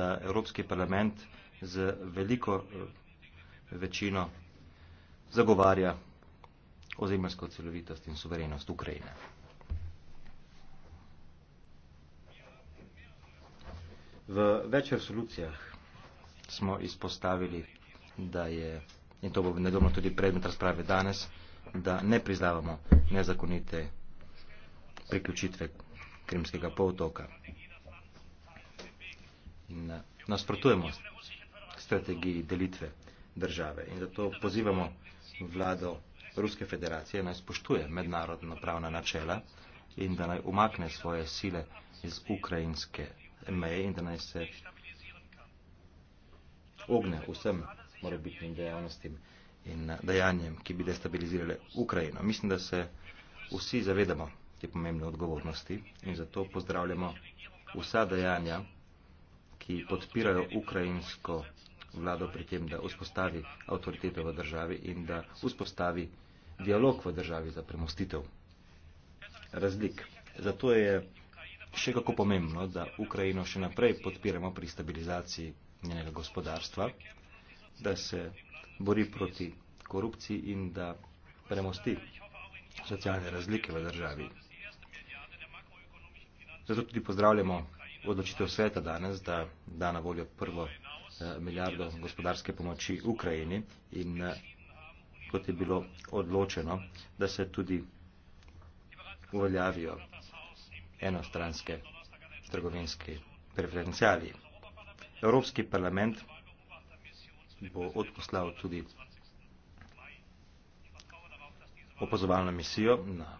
da Evropski parlament z veliko eh, večino zagovarja ozemljsko celovitost in suverenost Ukrajine. V več resolucijah smo izpostavili, da je, in to bo nedobno tudi predmet razprave danes, da ne priznavamo nezakonite priključitve krimskega polotoka nasprotujemo strategiji delitve države in zato pozivamo vlado Ruske federacije naj spoštuje mednarodno pravna načela in da naj umakne svoje sile iz ukrajinske meje in da naj se ogne vsem morebitnim dejavnostim in dejanjem, ki bi destabilizirale Ukrajino. Mislim, da se vsi zavedamo te pomembne odgovornosti in zato pozdravljamo vsa dejanja, ki podpirajo ukrajinsko vlado pri tem, da vzpostavi avtoritete v državi in da vzpostavi dialog v državi za premostitev razlik. Zato je še kako pomembno, da Ukrajino še naprej podpiramo pri stabilizaciji njenega gospodarstva, da se bori proti korupciji in da premosti socialne razlike v državi. Zato tudi pozdravljamo odločitev sveta danes, da da na voljo prvo eh, milijardo gospodarske pomoči Ukrajini in eh, kot je bilo odločeno, da se tudi uveljavijo enostranske trgovinske preferencijali. Evropski parlament bo odposlal tudi opazovalno misijo na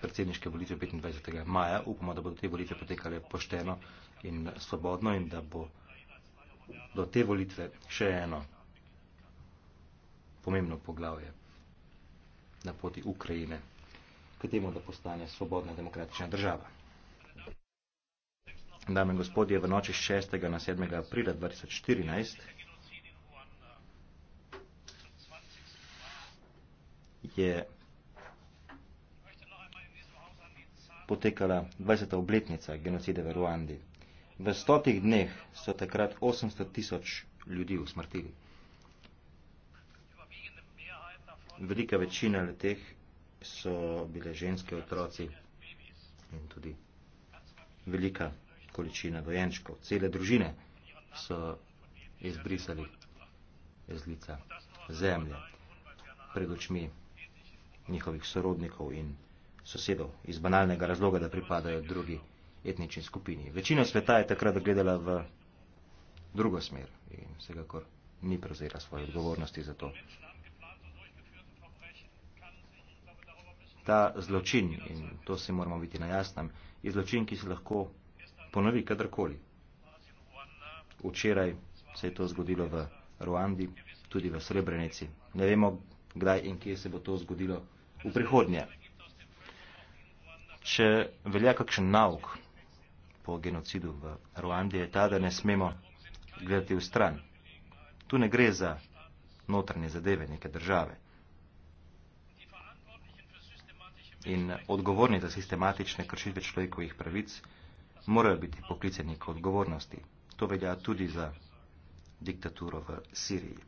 predsedniške volitve 25. maja. Upamo, da bodo te volitve potekale pošteno in svobodno in da bo do te volitve še eno pomembno poglavje na poti Ukrajine k temu, da postane svobodna demokratična država. Dame in gospodje, v noči 6. na 7. aprila 2014 je potekala 20. obletnica genocide v Ruandi. V stotih dneh so takrat 800 tisoč ljudi usmrtili. Velika večina teh so bile ženske otroci in tudi velika količina dojenčkov. Cele družine so izbrisali iz lica zemlje pred očmi njihovih sorodnikov in sosedov, iz banalnega razloga, da pripadajo drugi etnični skupini. Večina sveta je takrat gledala v drugo smer in vsekakor ni prezira svoje odgovornosti za to. Ta zločin, in to se moramo biti na jasnem, je zločin, ki se lahko ponovi kadarkoli. Včeraj se je to zgodilo v Ruandi, tudi v Srebrenici. Ne vemo, kdaj in kje se bo to zgodilo v prihodnje. Če velja kakšen nauk po genocidu v Ruandi, je ta, da ne smemo gledati v stran. Tu ne gre za notranje zadeve neke države. In odgovorni za sistematične kršitve človekovih pravic morajo biti poklicani k odgovornosti. To velja tudi za diktaturo v Siriji.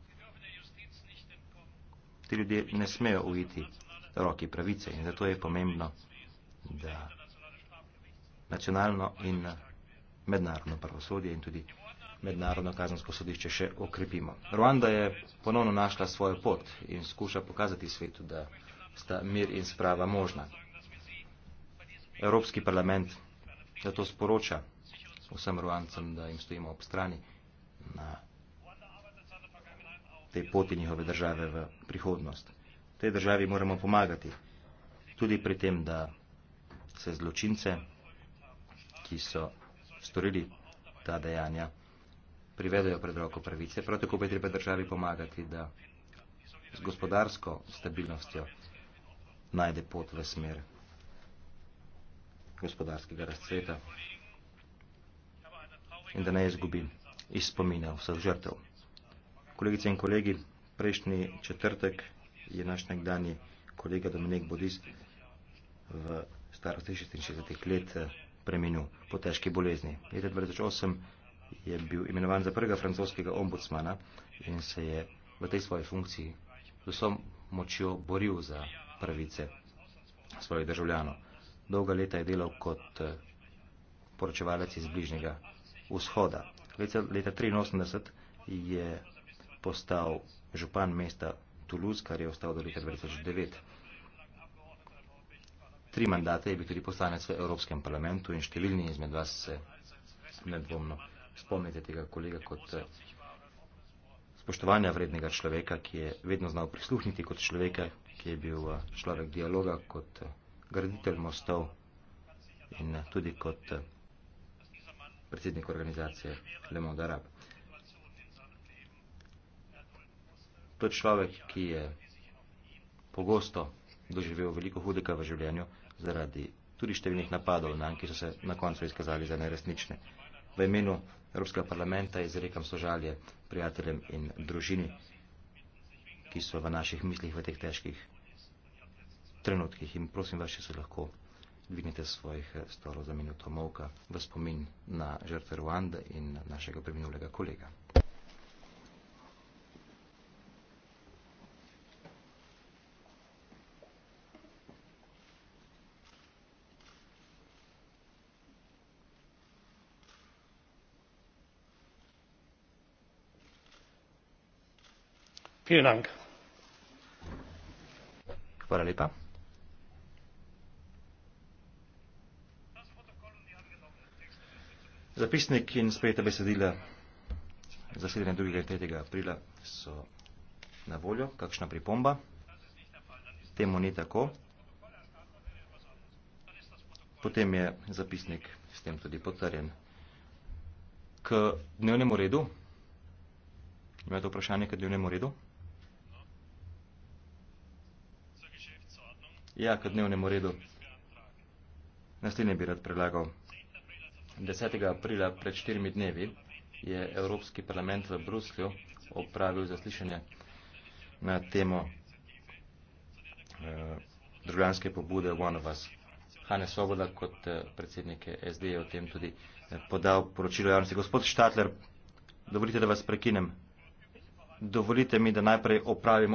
Ti ljudje ne smejo ujiti roki pravice in zato je pomembno, da nacionalno in mednarodno pravosodje in tudi mednarodno kazansko sodišče še okrepimo. Rwanda je ponovno našla svojo pot in skuša pokazati svetu, da sta mir in sprava možna. Evropski parlament zato sporoča vsem Rwancem, da jim stojimo ob strani na tej poti njihove države v prihodnost. Tej državi moramo pomagati tudi pri tem, da za zločince, ki so storili ta dejanja, privedajo pred roko pravice. Prav tako bo treba državi pomagati, da z gospodarsko stabilnostjo najde pot v smer gospodarskega razcveta in da ne izgubi iz spomina vseh žrtev. Kolegice in kolegi, prejšnji četrtek je naš nekdani kolega Dominik Bodis v starosti 66 let eh, preminil po težki bolezni. Leta 2008 je bil imenovan za prvega francoskega ombudsmana in se je v tej svoji funkciji z vso močjo boril za pravice svojih državljanov. Dolga leta je delal kot eh, poročevalec iz bližnjega vzhoda. Leta 1983 je postal župan mesta Toulouse, kar je ostal do leta 2009 tri mandate je bil tudi poslanec v Evropskem parlamentu in številni izmed vas se nedvomno spomnite tega kolega kot eh, spoštovanja vrednega človeka, ki je vedno znal prisluhniti kot človeka, ki je bil eh, človek dialoga, kot eh, graditelj mostov in tudi kot predsednik organizacije Le Monde Arab. To je človek, ki je pogosto doživel veliko hudega v življenju zaradi tudi številnih napadov na ki so se na koncu izkazali za neresnične. V imenu Evropskega parlamenta izrekam sožalje prijateljem in družini, ki so v naših mislih v teh težkih trenutkih in prosim vas, če se lahko dvignete svojih eh, stolov za minuto molka v spomin na žrtve Ruanda in našega preminulega kolega. gospod predsednik hvala lepa zapisnik in sprejeta besedila zasedanja drugega in tretjega aprila so na voljo kakšna pripomba temu ni tako potem je zapisnik s tem tudi potrjen k dnevnemu redu imate vprašanje k dnevnemu redu Ja, k dnevnemu redu. Naslednji bi rad predlagal. 10. aprila pred štirimi dnevi je Evropski parlament v Bruslju opravil zaslišanje na temo eh, državljanske pobude One of Us. Hane Soboda kot eh, predsednik SD je o tem tudi eh, podal poročilo javnosti. Gospod Štatler, dovolite, da vas prekinem. Dovolite mi, da najprej opravimo